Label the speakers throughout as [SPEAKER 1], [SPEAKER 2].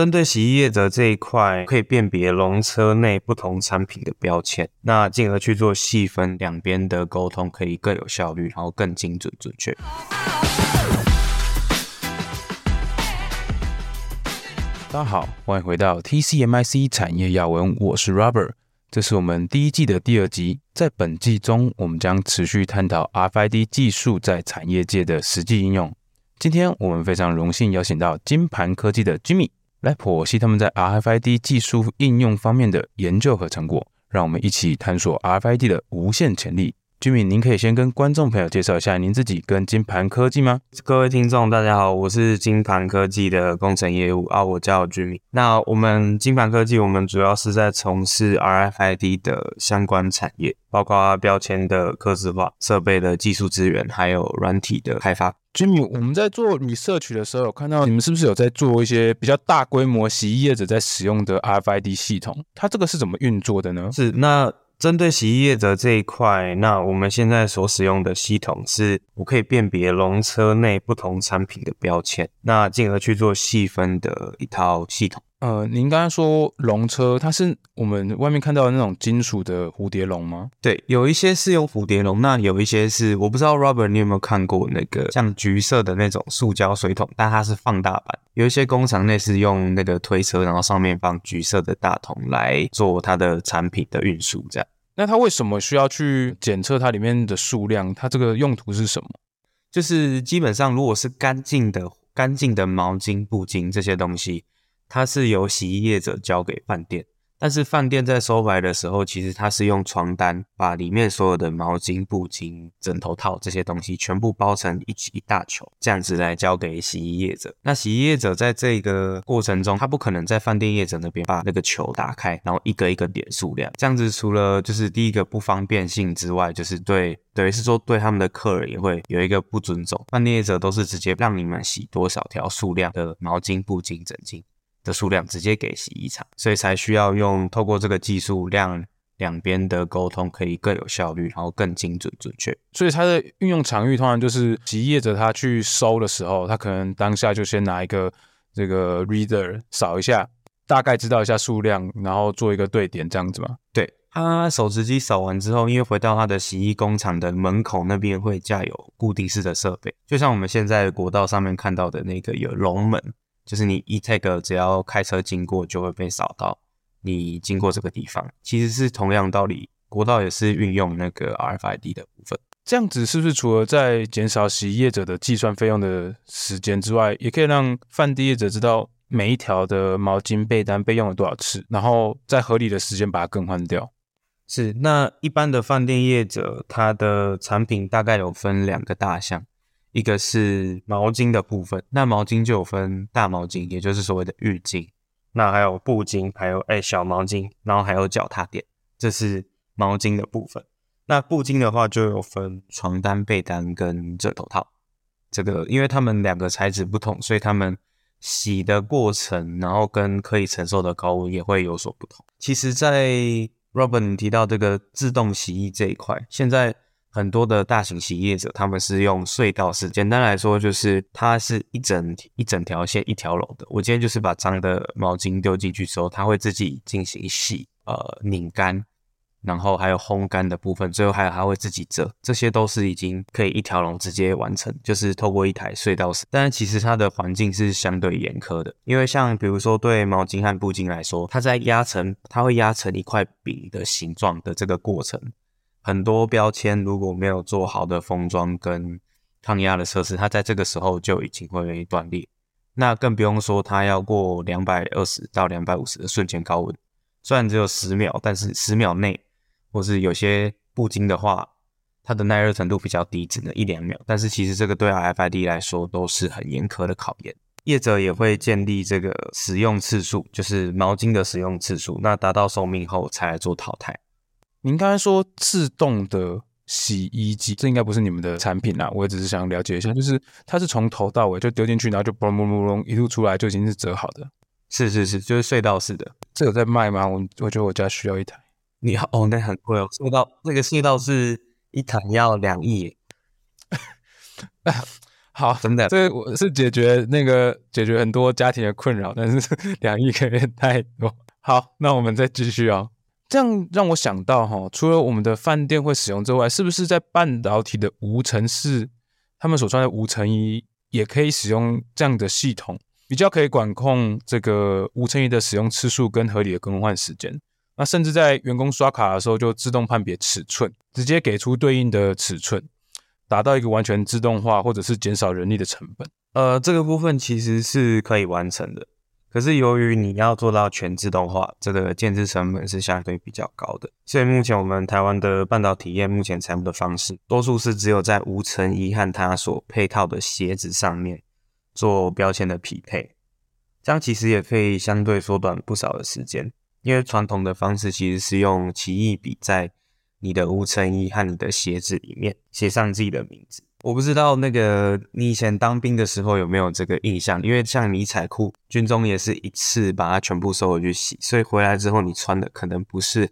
[SPEAKER 1] 針對洗衣液的這一塊，可以辨別籠車內不同產品的標籤，那進而去做細分，兩邊的溝通可以更有效率，然後更精準準確。
[SPEAKER 2] 大家好，歡迎回到 TCMIC 產業要聞，我是 Robert，這是我們第一季的第二集。在本季中，我們將持續探討 RFID 技術在產業界的實際應用。今天我們非常榮幸邀請到金磐科技的 Jimmy。來剖析他們在 RFID 技術應用方面的研究和成果，讓我們一起探索 RFID 的無限潛力。Jimmy，您可以先跟觀眾朋友介紹一下您自己跟金磐科技嗎？各位聽眾，大家好，我是金磐科技的工程業務啊，我叫
[SPEAKER 1] Jimmy。那我們金磐科技，我們主要是在從事 RFID 的相關產業，包括標籤的科技化、設備的技術資源，還有軟體的開發。
[SPEAKER 2] Jimmy，我們在做 research 的時候，有看到你們是不是有在做一些比較大規模洗衣業者在使用的 RFID 系統？它這個是怎麼運作的呢？是那。針對洗衣業者這一塊，那我們現在所使用的系統是，我可以辨別
[SPEAKER 1] 籠車內不同產品的標籤，那進而去做細分的一套
[SPEAKER 2] 系統。呃，您剛才說籠車，它是我們外面看到的那種金屬的蝴蝶籠嗎？
[SPEAKER 1] 對，有一些是用蝴蝶籠，那有一些是我不知道，Robert，你有沒有看過那個像橘色的那種塑膠水桶，但它是放大版。有一些工廠類似用那個推車，然後上面放橘色的大桶來做它的產品的運輸，這樣。
[SPEAKER 2] 那它為什麼需要去檢測它裡面的數量？它這個用途是什麼？就是基本上如果是乾淨的、乾淨的毛巾、布巾這些東西。
[SPEAKER 1] 它是由洗衣業者交給飯店，但是飯店在收白的時候，其實它是用床單把裡面所有的毛巾、布巾、枕頭套這些東西全部包成一起一大球，這樣子來交給洗衣業者。那洗衣業者在這個過程中，他不可能在飯店業者那邊把那個球打開，然後一個一個點數量。這樣子除了就是第一個不方便性之外，就是對等於是說對他們的客人也會有一個不尊重。飯店業者都是直接讓你們洗多少條數量的毛巾、布巾、枕巾。枕的數量直接給洗衣廠，所以才需要用透過這個技術，讓兩邊的
[SPEAKER 2] 溝通，可以更有效率，然後更精準準確。所以它的運用場域通常就是洗衣業者，他去收的時候，他可能當下就先拿一個這個 reader 掃一下，大概知道一下數量，然後做一個對點這樣子嘛。對，他手持
[SPEAKER 1] 機掃完之後，因為回到他的洗衣工廠的門口那邊會架有固定式的設備，就像我們現在國道上面看到的那個有龍門。就是你 eTag 只要開車經過就會被掃到，你經過這個地方其實是同樣道理，
[SPEAKER 2] 國道也是運用那個 RFID 的部分。這樣子是不是除了在減少洗衣業者的計算費用的時間之外，也可以讓飯店業者知道每一條的毛巾、被單被用了多少次，然後在合理的時間把它更換掉？是，
[SPEAKER 1] 那一般的飯店業者，他的產品大概有分兩個大項。一個是毛巾的部分，那毛巾就有分大毛巾，也就是所謂的浴巾，那還有布巾，還有誒小毛巾，然後還有腳踏墊，這是毛巾的部分。那布巾的話就有分床單、被單跟枕頭套，這個因為它們兩個材質不同，所以它們洗的過程，然後跟可以承受的高溫也會有所不同。其實，在 Robin 提到這個自動洗衣這一塊，現在。很多的大型洗衣業者，他們是用隧道式。簡單來說，就是它是一整一整條線一條龍的。我今天就是把髒的毛巾丟進去之後，它會自己進行洗、呃擰乾，然後還有烘乾的部分，最後還有它會自己折，這些都是已經可以一條龍直接完成，就是透過一台隧道式。但是其實它的環境是相對嚴苛的，因為像比如說對毛巾和布巾來說，它在壓成它會壓成一塊餅的形狀的這個過程。很多標籤，如果沒有做好的封裝跟抗壓的測試，它在這個時候就已經會斷裂。那更不用說它要過兩百二十到兩百五十的瞬間高溫，雖然只有十秒，但是十秒內，或是有些布巾的話，它的耐熱程度比較低，只能一兩秒。但是其實這個對 RFID 來說都是很嚴苛的考驗。業者也會建立這個使用
[SPEAKER 2] 次數，就是毛巾的使用次數，那達到壽命後才來做淘汰。您剛才說自動的洗衣機，這應該不是你們的產品啊，我只是想了解一下，就是它是從頭到尾就丟進去，然後就嘣嘣嘣一路出來，就已經是折好的。是是是，就是隧道式的。這有在賣嗎？我我覺得我家需要一台。你好，哦，那很貴哦，
[SPEAKER 1] 隧道。這個隧道是一台要兩億。
[SPEAKER 2] 好，真的，這我是解決那個解決很多家庭的困擾，但是兩億有點太多。好，那我們再繼續哦。這樣讓我想到哈，除了我們的飯店會使用之外，是不是在半導體的無塵室，他們所穿的無塵衣也可以使用這樣的系統，比較可以管控這個無塵衣的使用次數跟合理的更換時間。那甚至在員工刷卡的時候，就自動判別尺寸，直接給出對應的尺寸，達到一個完全自動化，或者是減少人力的成本。呃，這個部分其實是可以完成的。可是由於
[SPEAKER 1] 你要做到全自動化，這個建置成本是相對比較高的。所以目前我們台灣的半導體業目前採用的方式，多數是只有在無塵衣和它所配套的鞋子上面做標籤的匹配，這樣其實也可以相對縮短不少的時間。因為傳統的方式其實是用奇異筆在你的無塵衣和你的鞋子裡面寫上自己的名字。我不知道那個你以前當兵的時候有沒有這個印象，因為像迷彩褲，軍中也是一次把它全部收回去洗，所以回來之後你穿的可能不是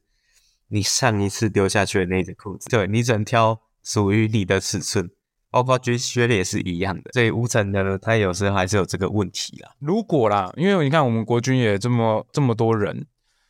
[SPEAKER 1] 你上一次丟下去的那個褲子，對，你只能挑屬於你的尺寸，包括軍靴也是
[SPEAKER 2] 一樣的，所以無塵的它有時候還是有這個問題啦。如果啦，因為你看我們國軍也這麼這麼多人，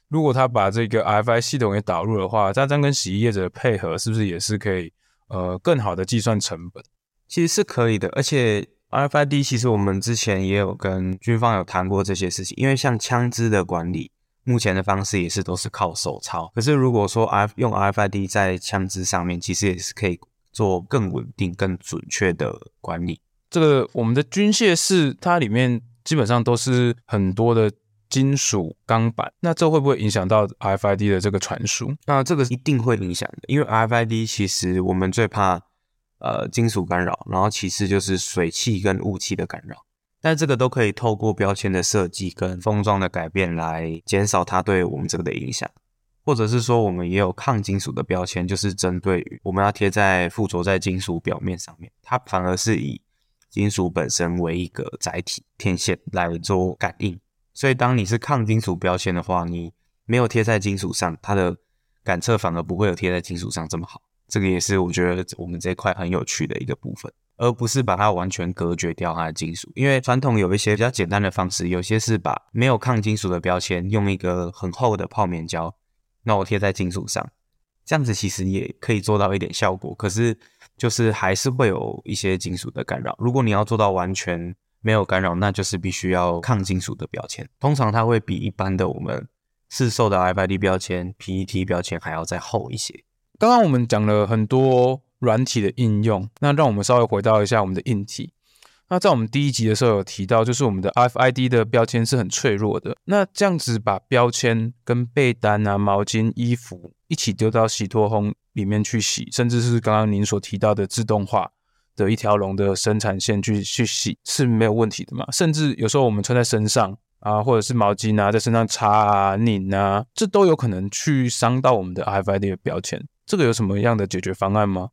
[SPEAKER 2] 如果他把這個 RFID 系統也導入的話，他這樣跟洗衣業者的配合是不是也是可以？呃，更好的計算成本其實是可以
[SPEAKER 1] 的，而且 RFID 其實我們之前也有跟軍方有談過這些事情，因為像槍支的管理，目前的方式也是都是靠手抄，可是如果說 F, 用 RFID 在槍支上面，其實也是可以做更穩定、更準確的管
[SPEAKER 2] 理。這個我們的軍械室它裡面基本上都是很多的。金屬鋼板，那這會不會影響到 RFID 的這個傳輸？那這個一定會
[SPEAKER 1] 影響的，因為 RFID 其實我們最怕呃金屬干擾，然後其次就是水汽跟霧氣的干擾，但這個都可以透過標籤的設計跟封裝的改變來減少它對我們這個的影響，或者是說我們也有抗金屬的標籤，就是針對於我們要貼在附着在金屬表面上面，它反而是以金屬本身為一個載體天線來做感應。所以，當你是抗金屬標籤的話，你沒有貼在金屬上，它的感測反而不會有貼在金屬上這麼好。這個也是我覺得我們這一塊很有趣的一個部分，而不是把它完全隔絕掉它的金屬。因為傳統有一些比較簡單的方式，有些是把沒有抗金屬的標籤用一個很厚的泡棉膠，那我貼在金屬上，這樣子其實也可以做到一點效果。可是就是還是會有一些金屬的干擾。如果你要做到完全，沒有干擾，那就是必須要抗金屬的標籤。通常它
[SPEAKER 2] 會比一般的我們市售的 RFID 標籤、PET 標籤還要再厚一些。剛剛我們講了很多軟體的應用，那讓我們稍微回到一下我們的硬體。那在我們第一集的時候有提到，就是我們的 RFID 的標籤是很脆弱的。那這樣子把標籤跟被單啊、毛巾、衣服一起丟到洗脫烘裡面去洗，甚至是剛剛您所提到的自動化。的一條龍的生產線去去洗是沒有問題的嘛？甚至有時候我們穿在身上啊，或者是毛巾啊，在身上擦啊擰啊，這都有可能去傷到我們的 RFID 的標籤。這個有什麼樣的解決方案嗎？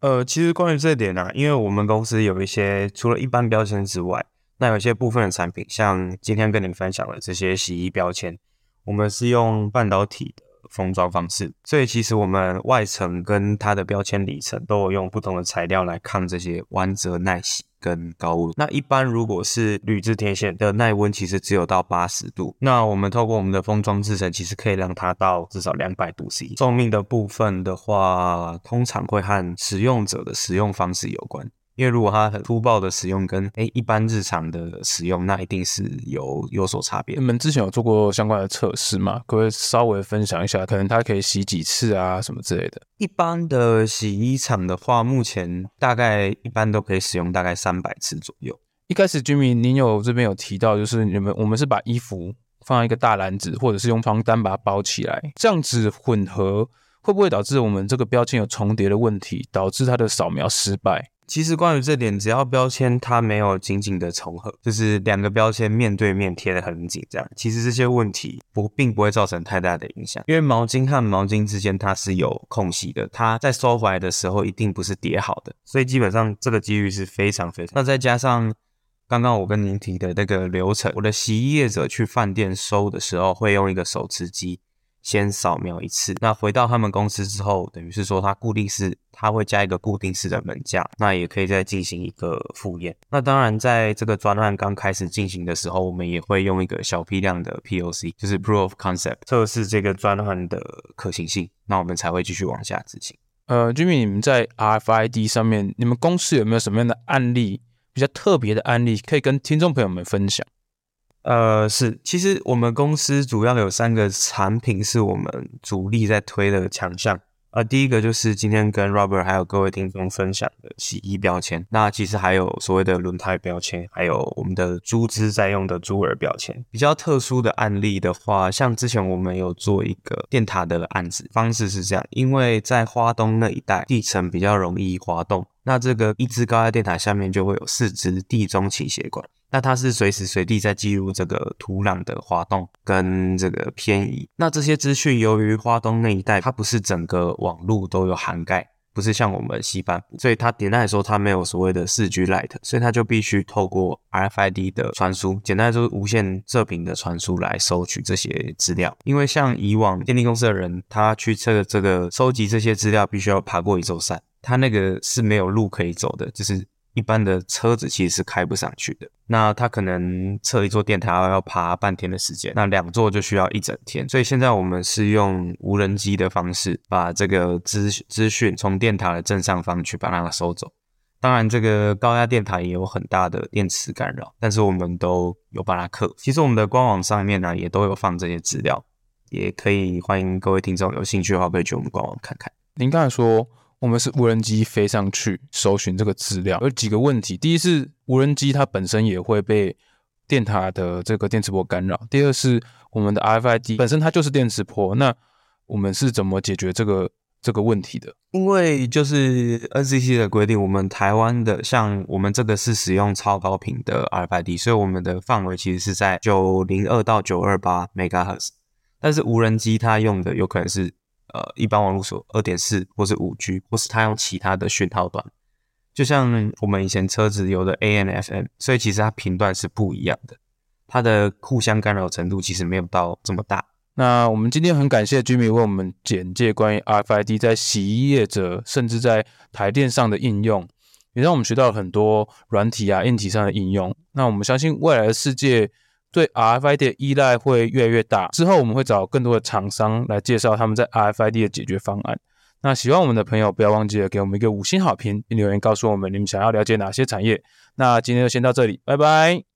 [SPEAKER 2] 呃，其實關於這點啊，因為我們公司有
[SPEAKER 1] 一些除了一般標籤之外，那有一些部分的產品，像今天跟你們分享的這些洗衣標籤，我們是用半導體的。封裝方式，所以其實，我們外層跟它的標籤裡層都有用不同的材料來抗這些彎折、耐洗跟高溫。那一般如果是鋁制天線的耐溫其實只有到八十度，那我們透過我們的封裝製程，其實可以讓它到至少兩百度 C。壽命的部分的話，通常會和使用者的使用方式有關。因為如果它很
[SPEAKER 2] 粗暴的使用跟，跟、欸、一般日常的使用，那一定是有有所差別。你們之前有做過相關的測試嗎？可不可以稍微分享一下？可能它可以洗幾次啊，什麼之類的？一般的洗衣廠的話，目前大概一般都可以使用大概三百次左右。一開始 Jimmy，您有這邊有提到，就是你們我們是把衣服放在一個大籃子，或者是用床單把它包起來，這樣子混合會不會導致我們這個標籤有重疊的問題，導致它的掃描失敗？其實關於這點，只
[SPEAKER 1] 要標籤它沒有緊緊的重合，就是兩個標籤面對面貼得很緊這樣，其實這些問題不並不會造成太大的影響，因為毛巾和毛巾之間它是有空隙的，它在收回來的時候一定不是疊好的，所以基本上這個幾率是非常非常。那再加上剛剛我跟您提的那個流程，我的洗衣業者去飯店收的時候會用一個手持機。先掃描一次，那回到他們公司之後，等於是說它，固定式，它會加一個固定式的門架，那也可以再進行一個複驗。那當然，在這個專案剛開始進行的時候，我們也會用一個小批量的 POC，就是 Proof of Concept 測試這個專案的可行性，那我們才會繼續
[SPEAKER 2] 往下執行。呃，Jimmy，你們在 RFID 上面，你們公司有沒有什麼樣的案例，比較特別的案例，可以跟聽眾朋友們分享？呃，是，其實
[SPEAKER 1] 我們公司主要有三個產品是我們主力在推的強項。呃，第一個就是今天跟 Robert 還有各位聽眾分享的洗衣標籤。那其實還有所謂的輪胎標籤，還有我們的豬隻在用的豬耳標籤。比較特殊的案例的話，像之前我們有做一個電塔的案子，方式是這樣，因為在花東那一帶地層比較容易滑動，那這個一支高壓電塔下面就會有四支地中傾斜管。那它是隨時隨地在記錄這個土壤的滑動跟這個偏移。那這些資訊，由於花東那一帶它不是整個網絡都有涵蓋，不是像我們西半部，所以它簡單來說它沒有所謂的 4G Light，所以它就必須透過 RFID 的傳輸，簡單來說無線射頻的傳輸來收取這些資料。因為像以往電力公司的人他去測這個收集這些資料，必須要爬過一座山，他那個是沒有路可以走的，就是一般的車子其實是開不上去的。那他可能測一座電塔要爬半天的時間，那兩座就需要一整天。所以現在我們是用無人機的方式，把這個資訊資訊從電塔的正上方去把它收走。當然，這個高壓電塔也有很大的電磁干擾，但是我們都有把它克服。其實我們的官網上面
[SPEAKER 2] 呢也都有放這些資料，也可以歡迎各位聽眾有興趣的話，可以去我們官網看看。您剛才說。我們是無人機飛上去搜尋這個資料，有幾個問題：第一是無人機它本身也會被電塔的這個電磁波干擾；第二是我們的 RFID 本身它就是電磁波，那我們是怎麼解決這個這個問題的？因為就是 NCC 的規定，我們台灣的像我們
[SPEAKER 1] 這個是使用超高頻的 RFID，所以我們的範圍其實是在902到928 MHz，但是無人機它用的有可能是。呃，一般網絡所二點四，或是五 G，或是他用其他的訊號段，就像我們以前車子有的 AM FM，所以其實它頻段是不一樣的，它的互相干擾程度
[SPEAKER 2] 其實沒有到這麼大。那我們今天很感謝 Jimmy 為我們簡介關於 RFID 在洗衣業者，甚至在台電上的應用，也讓我們學到了很多軟體啊，硬體上的應用。那我們相信未來的世界，對 RFID 的依賴會越來越大，之後我們會找更多的廠商來介紹他們在 RFID 的解決方案。那喜歡我們的朋友，不要忘記了給我們一個五星好評，並留言告訴我們你們想要了解哪些產業。那今天就先到這裡，拜拜。